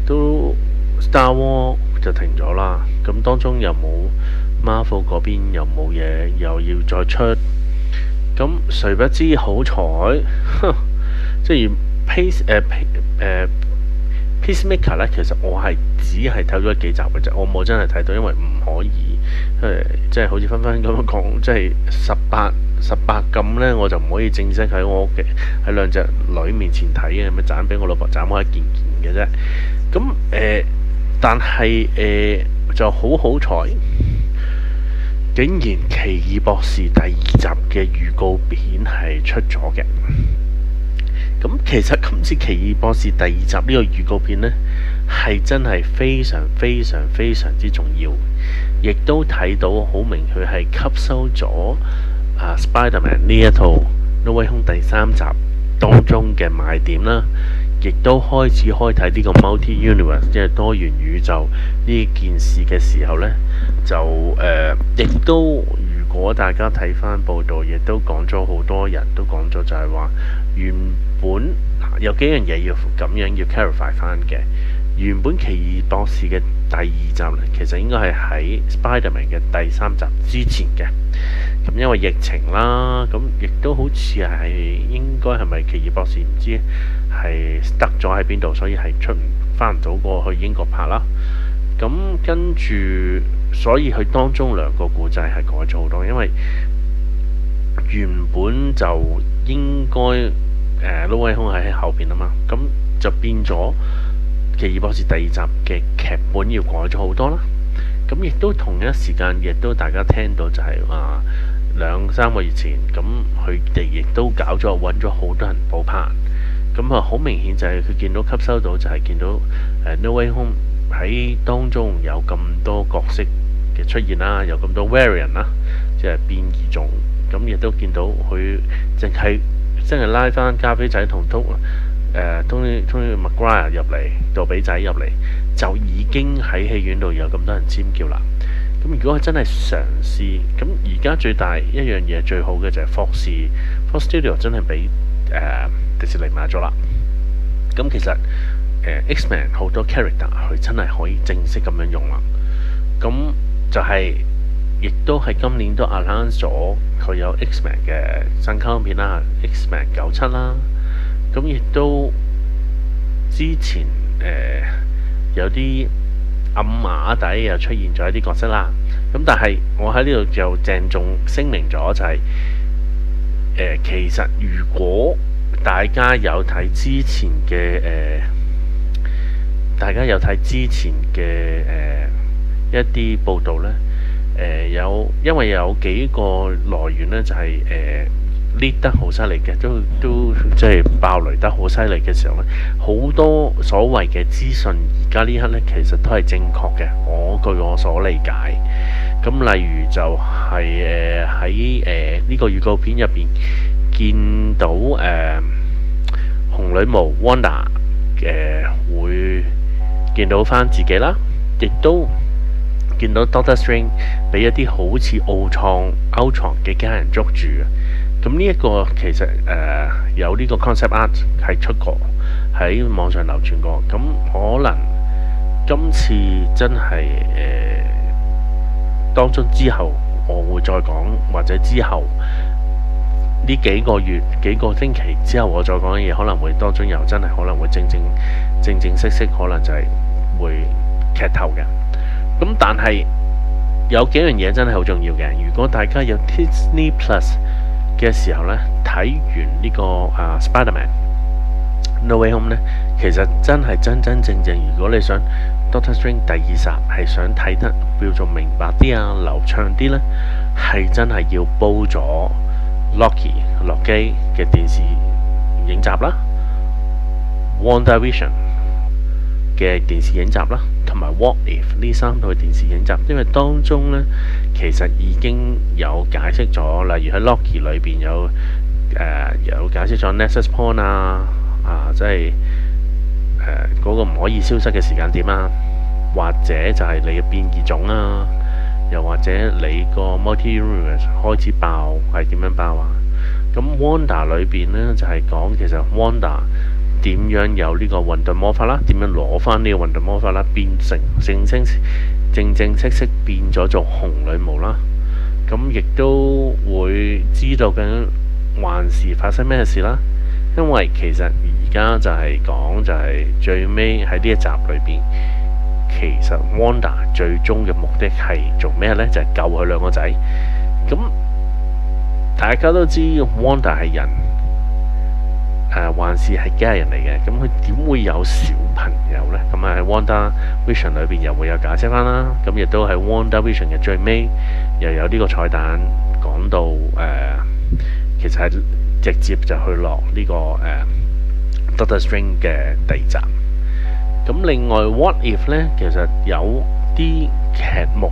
都 Star War 就停咗啦。咁當中又冇 Marvel 嗰邊又冇嘢，又要再出。咁誰不知好彩，即係 Peace 誒、呃呃、Peacemaker 呢，其實我係只係睇咗幾集嘅啫，我冇真係睇到，因為唔可以。誒、 嗯，即係好似芬芬咁講，即係十八十八禁呢，我就唔可以正式喺我嘅屋企喺兩隻女面前睇啊！咪斬俾我老婆斬開一件件嘅啫。咁、嗯呃、但係、呃、就好好彩，竟然《奇異博士》第二集嘅預告片係出咗嘅。咁、嗯、其實今次《奇異博士》第二集呢個預告片呢，係真係非常非常非常之重要。亦都睇到好明，佢係吸收咗、啊、Spiderman 呢一套 No Way Home 第三集當中嘅賣點啦，亦都開始開睇呢個 Multi Universe 即係多元宇宙呢件事嘅時候呢，就誒亦、呃、都如果大家睇翻報道，亦都講咗好多人都講咗就係話原本、啊、有幾樣嘢要咁樣要 clarify 返嘅。原本奇異博士嘅第二集，其實應該係喺 Spider-Man 嘅第三集之前嘅。咁因為疫情啦，咁亦都好似係應該係咪奇異博士唔知係得咗喺邊度，所以係出唔翻唔到過去英國拍啦。咁跟住，所以佢當中兩個故仔係改咗好多，因為原本就應該誒 No Way Home 係喺後邊啊嘛，咁就變咗。《奇異博士》第二集嘅劇本要改咗好多啦，咁亦都同一時間，亦都大家聽到就係話兩三個月前，咁佢哋亦都搞咗揾咗好多人補拍，咁啊好明顯就係佢見到吸收到，就係見到、呃《No Way Home》喺當中有咁多角色嘅出現啦，有咁多 variant 啦，即係變異種，咁亦都見到佢淨係真係拉翻加菲仔同督。誒，通通啲麥 r 入嚟，杜比仔入嚟，就已經喺戲院度有咁多人尖叫啦。咁如果佢真係嘗試，咁而家最大一樣嘢最好嘅就係霍士霍士 studio 真係俾、呃、迪士尼買咗啦。咁其實、呃、Xman 好多 character 佢真係可以正式咁樣用啦。咁就係、是、亦都係今年都壓攤咗佢有 Xman 嘅新卡通片啦，Xman 九七啦。X 咁亦都之前誒、呃、有啲暗馬底又出現咗一啲角色啦。咁但係我喺呢度就鄭重聲明咗，就係誒，其實如果大家有睇之前嘅誒、呃，大家有睇之前嘅誒、呃、一啲報道咧，誒、呃、有因為有幾個來源咧，就係、是、誒。呃跌得好犀利嘅，都都即係爆雷得好犀利嘅時候呢，好多所謂嘅資訊而家呢刻呢，其實都係正確嘅。我據我所理解，咁例如就係誒喺誒呢個預告片入邊見到誒、呃、紅女巫 Wanda 嘅、呃、會見到翻自己啦，亦都見到 Doctor Strange 俾一啲好似奧創 Ultron 嘅家人捉住。咁呢一個其實誒、呃、有呢個 concept art 係出過喺網上流傳過，咁、嗯、可能今次真係誒、呃、當中之後，我會再講，或者之後呢幾個月幾個星期之後，我再講嘅嘢可能會當中又真係可能會正正正正式式可能就係會劇透嘅。咁、嗯、但係有幾樣嘢真係好重要嘅。如果大家有 Disney Plus 嘅時候呢，睇完呢、這個、uh, Spiderman，No Way Home 呢，其實真係真真正正，如果你想 Doctor Strange 第二集係想睇得叫做明白啲啊、流暢啲呢，係真係要煲咗 Loki 洛基嘅電視影集啦 WandaVision 嘅電視影集啦，同埋 What If 呢三套電視影集，因為當中呢，其實已經有解釋咗，例如喺 Loki 裏裏邊有誒、呃、有解釋咗 Nexus Point 啊，啊即係誒嗰個唔可以消失嘅時間點啊，或者就係你嘅變異種啊，又或者你個 Multi Univers 開始爆係點樣爆啊？咁 Wanda 裏邊呢，就係、是、講其實 Wanda。點樣有呢個混沌魔法啦，點樣攞返呢個混沌魔法啦，變成正正正正式式變咗做紅女巫啦。咁亦都會知道緊幻視發生咩事啦，因為其實而家就係講就係最尾喺呢一集裏邊，其實 Wanda 最終嘅目的係做咩呢？就係、是、救佢兩個仔。咁大家都知 Wanda 係人。誒、呃、還是係家人嚟嘅，咁佢點會有小朋友呢？咁啊喺 WandaVision 裏邊又會有解釋返啦，咁亦都喺 WandaVision 嘅最尾又有呢個彩蛋，講到誒其實係直接就去落呢、這個、呃、Doctor Strange 嘅地站。咁另外 What If 呢？其實有啲劇目。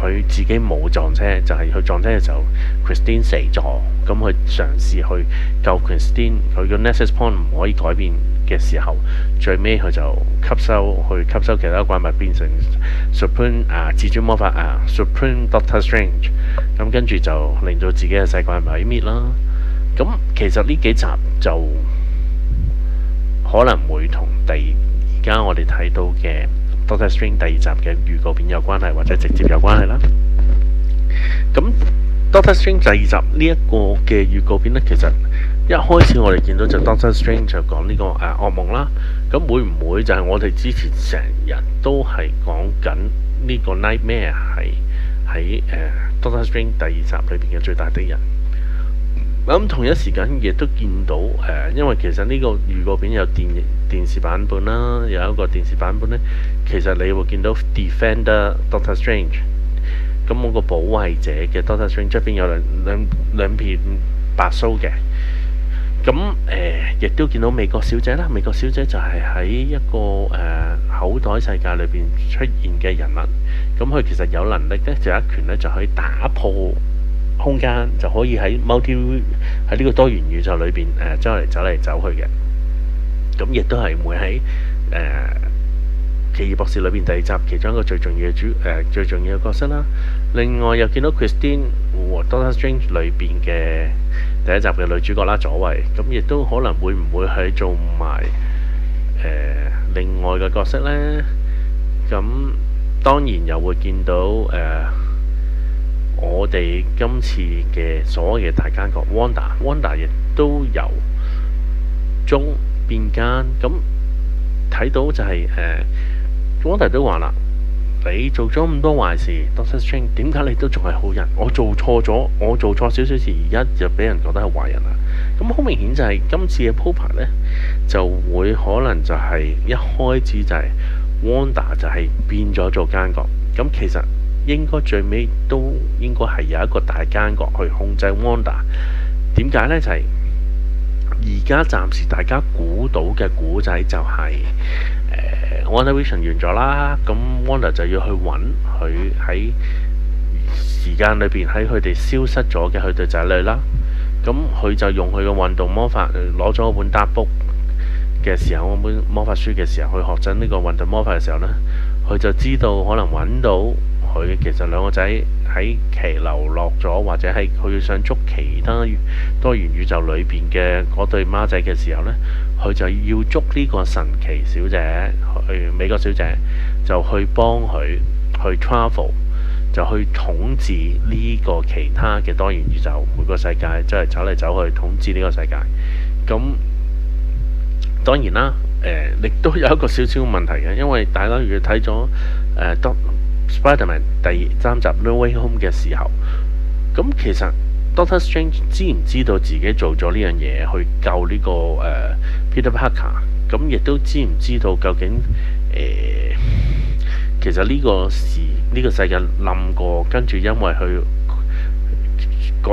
佢自己冇撞車，就係佢撞車嘅時候 Christine 死咗。咁佢嘗試去救 Christine，佢個 Nexus point 唔可以改變嘅時候，最尾佢就吸收去吸收其他怪物，變成 supreme 啊，至尊魔法啊 supreme Doctor Strange。咁跟住就令到自己嘅世界毀滅啦。咁其實呢幾集就可能會同第而家我哋睇到嘅《Doctor Strange》第二集嘅預告片有關係或者直接有關係啦。咁《Doctor Strange》第二集呢一個嘅預告片呢，其實一開始我哋見到就，就、這個《Doctor、呃、Strange》就講呢個誒噩夢啦。咁會唔會就係我哋之前成日都係講緊呢個 nightmare 係喺《Doctor Strange》呃、St 第二集裏邊嘅最大敵人？咁同一時間亦都見到誒，因為其實呢個預告片有電影電視版本啦，有一個電視版本咧，其實你會見到 Defender Doctor Strange，咁嗰個保衞者嘅 Doctor Strange 出邊有兩兩兩片白鬚嘅，咁誒亦都見到美國小姐啦，美國小姐就係喺一個誒口袋世界裏邊出現嘅人物，咁佢其實有能力咧，就一拳咧就可以打破。空間就可以喺 multi 喺呢個多元宇宙裏邊誒，將、呃、嚟走嚟走，走去嘅，咁、嗯、亦都係會喺、呃、奇異博士裏邊第二集其中一個最重要嘅主、呃、最重要嘅角色啦。另外又見到 Christine 和、呃、Doctor Strange 裏邊嘅第一集嘅女主角啦，左位咁亦都可能會唔會去做埋、呃、另外嘅角色呢？咁、嗯、當然又會見到誒。呃我哋今次嘅所有嘅大奸角 Wanda，Wanda 亦都由中變奸，咁睇到就係、是、誒、呃、Wanda 都話啦：你做咗咁多壞事，Doctor Strange 點解你都仲係好人？我做錯咗，我做錯少少事，而家就俾人覺得係壞人啦。咁好明顯就係、是、今次嘅 p o 鋪排咧，就會可能就係一開始就係、是、Wanda 就係變咗做奸角。咁其實，應該最尾都應該係有一個大奸角去控制 Wanda 點解呢？就係而家暫時大家估到嘅古仔就係誒 Wanda Vision 完咗啦。咁 Wanda 就要去揾佢喺時間裏邊喺佢哋消失咗嘅佢對仔女啦。咁佢就用佢嘅運動魔法攞咗本一本打簿嘅時候，一本魔法書嘅時候去學緊呢個運動魔法嘅時候呢，佢就知道可能揾到。佢其實兩個仔喺奇流落咗，或者係佢想捉其他多元宇宙裏邊嘅嗰對孖仔嘅時候呢，佢就要捉呢個神奇小姐，去美國小姐就去幫佢去 travel，就去統治呢個其他嘅多元宇宙每個世界，即係走嚟走去統治呢個世界。咁當然啦，誒、呃、亦都有一個少少問題嘅，因為大家如果睇咗誒 Spiderman 第三集《No Way Home》嘅時候，咁其實 Doctor Strange 知唔知道自己做咗呢樣嘢去救呢、呢個、呃、Peter Parker？咁亦都知唔知道究竟、呃、其實呢個時呢、呢個世界冧過，跟住因為佢、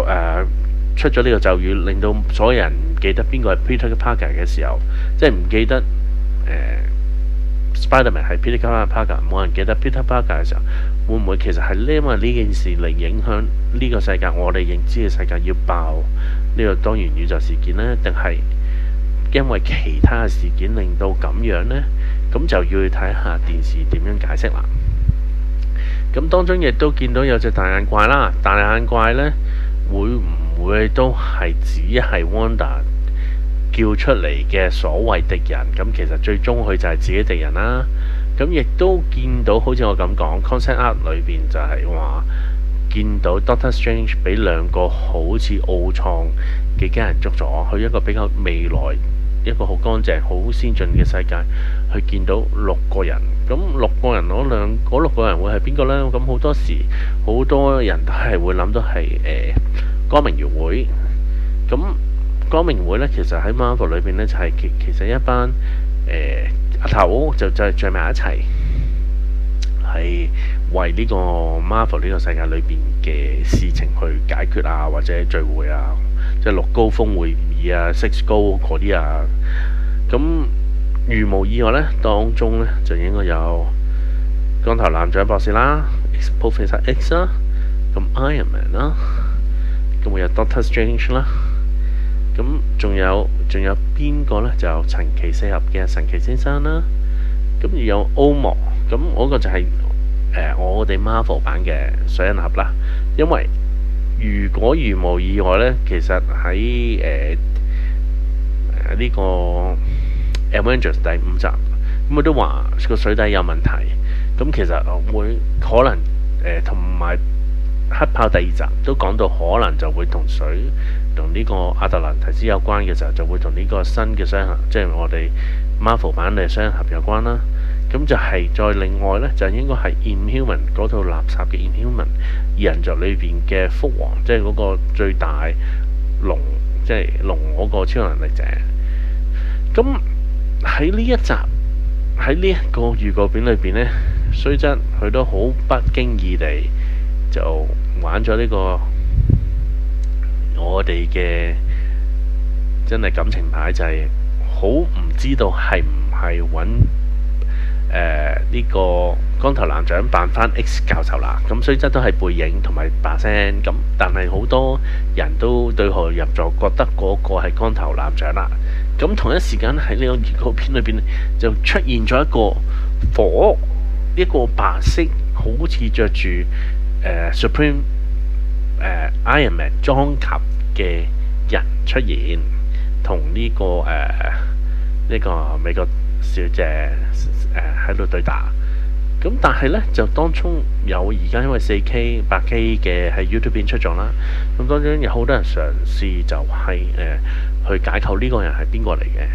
呃、出咗呢個咒語，令到所有人唔記得邊個係 Peter Parker 嘅時候，即係唔記得、呃 Spiderman 係 Peter Parker，冇人記得 Peter Parker 嘅時候，會唔會其實係因為呢件事嚟影響呢個世界？我哋認知嘅世界要爆呢個多元宇宙事件呢，定係因為其他嘅事件令到咁樣呢？咁就要去睇下電視點樣解釋啦。咁當中亦都見到有隻大眼怪啦，大眼怪呢，會唔會都係只係汪達？叫出嚟嘅所謂敵人，咁其實最終佢就係自己敵人啦。咁亦都見到，好似我咁講，concept art 裏邊就係話見到 Doctor Strange 俾兩個好似奧創嘅家人捉咗，去一個比較未來、一個好乾淨、好先進嘅世界，去見到六個人。咁六個人，嗰兩嗰六個人會係邊個呢？咁好多時好多人都係會諗到係光明圓會咁。光明會咧，其實喺 Marvel 裏邊咧，就係、是、其其實一班誒、呃、頭就就係聚埋一齊，係為呢個 Marvel 呢個世界裏邊嘅事情去解決啊，或者聚會啊，即係六高峰會議啊，Six Go 嗰啲啊。咁、啊啊、如無意外咧，當中咧就應該有光頭男長博士啦 e x p o s i n Sir x a 咁 Iron Man 啦，咁會有 Doctor Strange 啦。咁仲有仲有邊個呢？就神奇四俠嘅神奇先生啦。咁又有歐幕、嗯、咁、那、我個就係、是呃、我哋 Marvel 版嘅水行俠啦。因為如果如無意外呢，其實喺呢、呃呃這個 Avengers 第五集，咁、嗯、佢都話個水底有問題。咁、嗯、其實會可能同埋、呃、黑豹第二集都講到可能就會同水。同呢個阿特蘭提斯有關嘅時候就，就會同呢個新嘅箱合，即係我哋 Marvel 版嘅箱合有關啦。咁就係、是、再另外呢，就應該係《Inhuman》嗰套垃圾嘅《Inhuman》異人族裏邊嘅蝠王，即係嗰個最大龍，即、就、係、是、龍嗰個超能力者。咁喺呢一集喺呢一個預告片裏邊呢，雖則佢都好不經意地就玩咗呢、這個。我哋嘅真係感情牌就係好，唔知道係唔係揾、呃、呢個光頭男長扮返 X 教授？啦，咁雖則都係背影同埋把聲，咁但係好多人都對號入座，覺得嗰個係光頭男長啦。咁同一時間喺呢個預告片裏邊就出現咗一個火，一個白色好似着住、呃、Supreme。誒 Iron Man 裝甲嘅人出現，同呢、呢個誒呢、uh, 個美國小姐誒喺度對打，咁但係呢，就當中有而家因為 4K、8K 嘅喺 YouTube 出咗啦，咁當中有好多人嘗試就係、係、誒、uh, 去解構呢個人係邊個嚟嘅，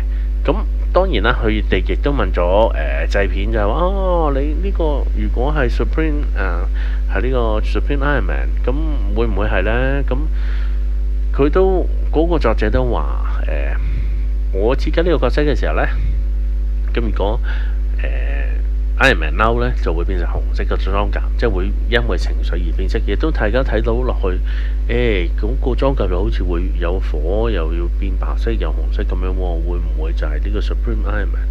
咁。當然啦，佢哋亦都問咗誒、呃、製片就係話：哦，你呢個如果係 Supreme 誒、呃，係呢個 Supreme Iron Man，咁會唔會係呢？」咁佢都嗰個作者都話、呃、我設計呢個角色嘅時候呢，咁如果……呃」Iron Man 嬲咧就會變成紅色嘅裝甲，即係會因為情緒而變色，亦都大家睇到落去，誒、欸、咁、嗰個裝甲又好似會有火，又要變白色又紅色咁樣喎，會唔會就係呢個 Supreme Iron Man？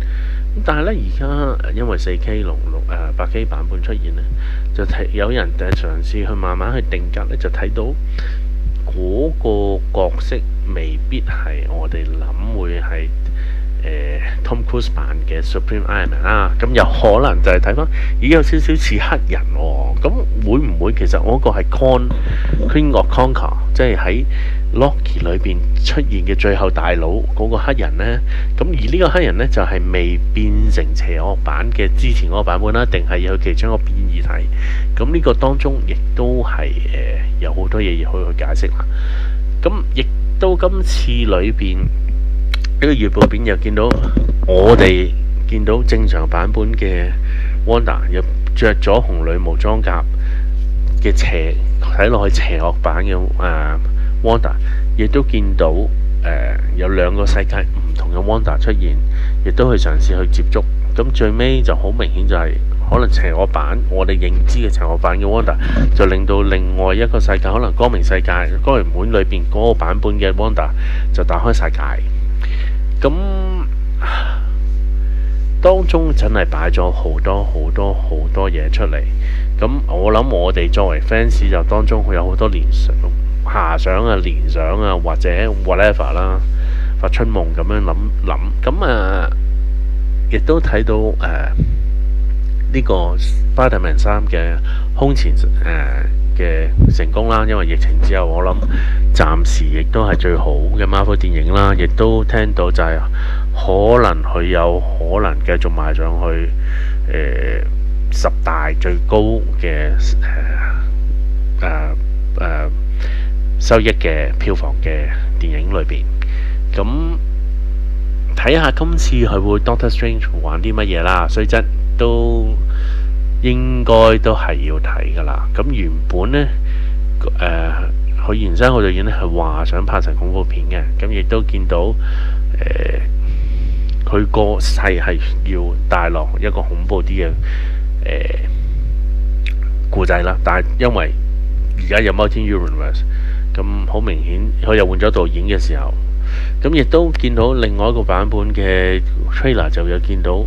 但係咧而家因為 4K 龍六誒、呃、8K 版本出現呢，就睇有人誒嘗試去慢慢去定格咧，就睇到嗰個角色未必係我哋諗會係。誒、呃、Tom Cruise 版嘅 Supreme Iron Man 啦，咁、嗯、有可能就係睇翻已經有少少似黑人喎、哦，咁、嗯、會唔會其實嗰個係 Kang the Conqueror，即係喺 Loki 裏邊出現嘅最後大佬嗰個黑人呢？咁、嗯、而呢個黑人呢，就係、是、未變成邪惡版嘅之前嗰個版本啦，定係有其中一個變異體？咁、嗯、呢、這個當中亦都係誒、呃、有好多嘢要去解釋啦。咁亦都今次裏邊。呢個預報片又見到，我哋見到正常版本嘅 Wanda 又着咗紅女巫裝甲嘅邪，睇落去邪惡版嘅啊 Wanda，亦都見到誒、呃、有兩個世界唔同嘅 Wanda 出現，亦都去嘗試去接觸。咁最尾就好明顯就係、是、可能邪惡版我哋認知嘅邪惡版嘅 Wanda 就令到另外一個世界，可能光明世界光明門裏邊嗰個版本嘅 Wanda 就打開世界。咁，當中真係擺咗好多好多好多嘢出嚟。咁我諗，我哋作為 fans 就當中會有好多聯想遐想啊、聯想啊，或者 whatever 啦，發春夢咁樣諗諗。咁、嗯、啊，亦都睇到誒呢、呃這個《Spider-Man 3》嘅空前誒嘅成功啦，因為疫情之後我諗暫時亦都係最好嘅 Marvel 電影啦，亦都聽到就係、是、可能佢有可能繼續賣上去誒、呃、十大最高嘅誒誒收益嘅票房嘅電影裏邊。咁睇下今次佢會 Doctor Strange 玩啲乜嘢啦，雖則都。應該都係要睇噶啦。咁原本呢，佢、呃、原生個導演呢係話想拍成恐怖片嘅，咁亦都見到佢、呃、個勢係要帶落一個恐怖啲嘅、呃、故仔啦。但係因為而家有 Multiverse，咁好明顯佢又換咗導演嘅時候，咁亦都見到另外一個版本嘅 trailer 就有見到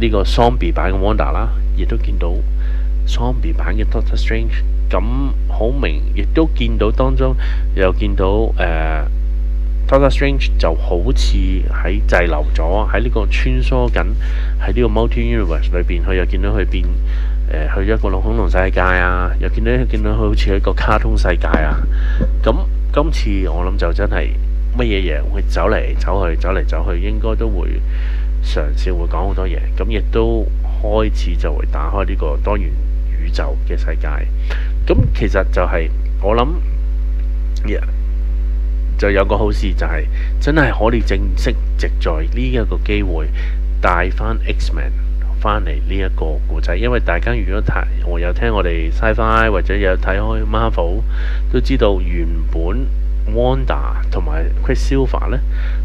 呢個喪屍版嘅 Wanda 啦。亦都見到 zombie 版嘅 Doctor Strange，咁好明，亦都見到當中又見到誒、呃、Doctor Strange 就好似喺滯留咗，喺呢個穿梭緊，喺呢個 multiverse 裏邊，佢又見到佢變誒、呃、去咗個恐龍世界啊，又見到見到佢好似一個卡通世界啊。咁今次我諗就真係乜嘢嘢，會走嚟走去，走嚟走去，應該都會嘗試會講好多嘢，咁亦都。開始就會打開呢個多元宇宙嘅世界，咁其實就係、是、我諗，Yeah. 就有個好事就係、是、真係可以正式籍在呢一個機會帶返 X-Men 返嚟呢一個故仔，因為大家如果睇我有聽我哋 Sci-Fi 或者有睇開 Marvel 都知道原本。Wanda 同埋 Quicksilver 咧，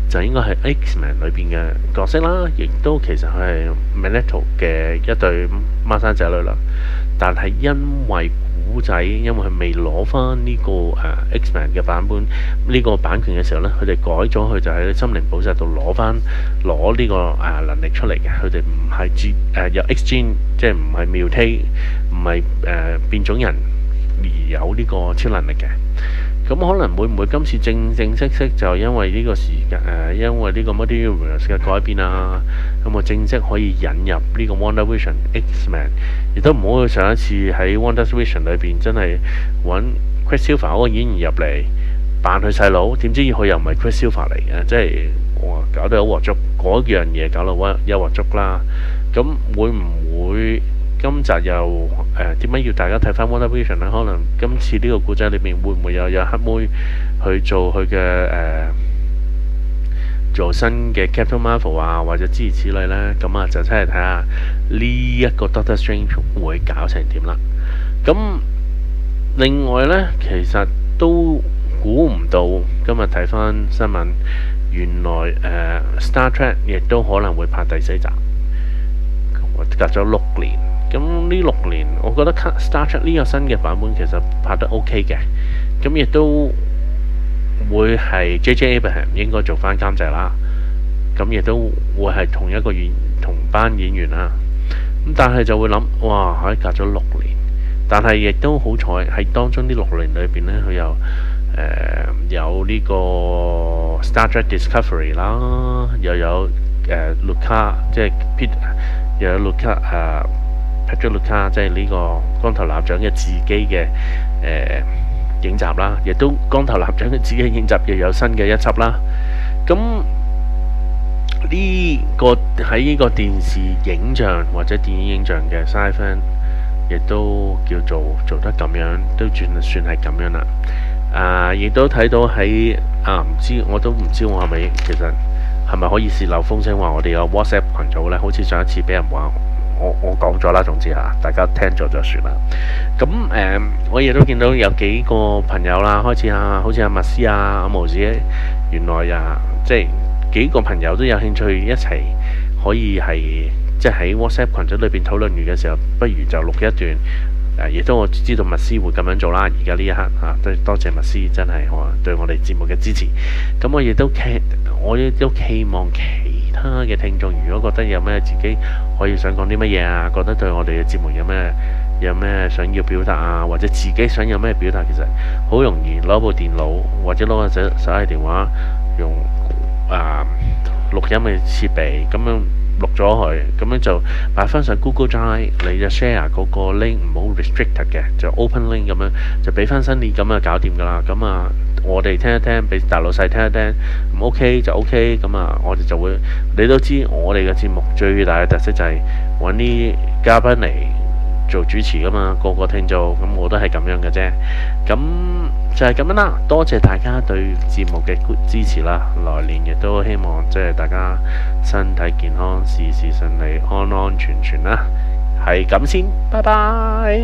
就應該係 X-Men 裏邊嘅角色啦，亦都其實係 Magneto 嘅一對孖生仔女啦。但係因為故仔，因為佢未攞翻呢個誒 X-Men 嘅版本呢個版權嘅時候咧，佢哋改咗佢就喺《心靈寶石》度攞翻攞呢個誒能力出嚟嘅。佢哋唔係接誒有 X-Gene，即係唔係 Mutant，唔係誒變種人。而有呢個超能力嘅，咁可能會唔會今次正正式式就因為呢個時間誒、呃，因為呢 Modular 咁一 m 嘅改變啊，咁、嗯、啊正式可以引入呢個 WandaVision X-Men，亦都唔好去上一次喺 WandaVision 裏邊真係揾 Chris Silver 嗰個演員入嚟扮佢細佬，點知佢又唔係 Chris Silver 嚟嘅，即係搞到有或足嗰樣嘢搞到一鑊粥啦，咁會唔會？今集又誒點解要大家睇返 WandaVision》咧？可能今次呢個故仔裏面會唔會又有，有黑妹去做佢嘅誒做新嘅 Captain Marvel 啊，或者諸如此類呢？咁、嗯、啊，就真係睇下呢一個 Doctor Strange 會搞成點啦。咁、嗯、另外呢，其實都估唔到今日睇翻新聞，原來、呃、Star Trek 亦都可能會拍第四集，隔咗六年。咁呢六年，我覺得《Star Trek》呢個新嘅版本其實拍得 OK 嘅。咁亦都會係 J J Abrams 應該做翻監製啦。咁亦都會係同一個演同班演員啦。咁但係就會諗，哇，係隔咗六年，但係亦都好彩喺當中呢六年裏邊呢，佢有誒、呃、有呢個 Star Trek Discovery 啦，又有誒、呃、Luca，即係 Peter，又有 Luca 誒、啊。拍咗錄卡，即係呢個光頭男長嘅自己嘅誒、呃、影集啦，亦都光頭男長嘅自己嘅影集又有新嘅一輯啦。咁呢、這個喺呢、這個電視影像或者電影影像嘅 side n 亦都叫做做得咁樣，都轉算算係咁樣啦、呃。啊，亦都睇到喺啊，唔知我都唔知我係咪其實係咪可以洩漏風聲話我哋有 WhatsApp 群組呢？好似上一次俾人話。我我講咗啦，總之嚇大家聽咗就算啦。咁誒、嗯，我亦都見到有幾個朋友啦，開始啊，好似阿麥斯啊、阿毛子，原來啊，即係幾個朋友都有興趣一齊可以係即係喺 WhatsApp 群組裏邊討論完嘅時候，不如就錄一段。亦都我知道麥斯會咁樣做啦。而家呢一刻嚇，都多謝麥斯真係我對我哋節目嘅支持。咁我亦都聽，我亦都，都希望其他嘅聽眾，如果覺得有咩自己可以想講啲乜嘢啊，覺得對我哋嘅節目有咩有咩想要表達啊，或者自己想有咩表達，其實好容易攞部電腦或者攞個手手提電話用啊呃、錄音嘅設備咁樣。錄咗佢，咁樣就擺翻上 Google Drive，你就 share 嗰個 link 唔好 restrict 嘅，就 open link 咁樣，就俾翻新你咁啊，搞掂噶啦。咁啊，我哋聽一聽，俾大老細聽一聽，唔 OK 就 OK。咁啊，我哋就會你都知我哋嘅節目最大嘅特色就係揾啲嘉賓嚟。做主持㗎嘛，個個聽做，咁我都係咁樣嘅啫。咁就係、是、咁樣啦，多謝大家對節目嘅支持啦。來年亦都希望即係大家身體健康，事事順利，安安全全啦。係咁先，拜拜。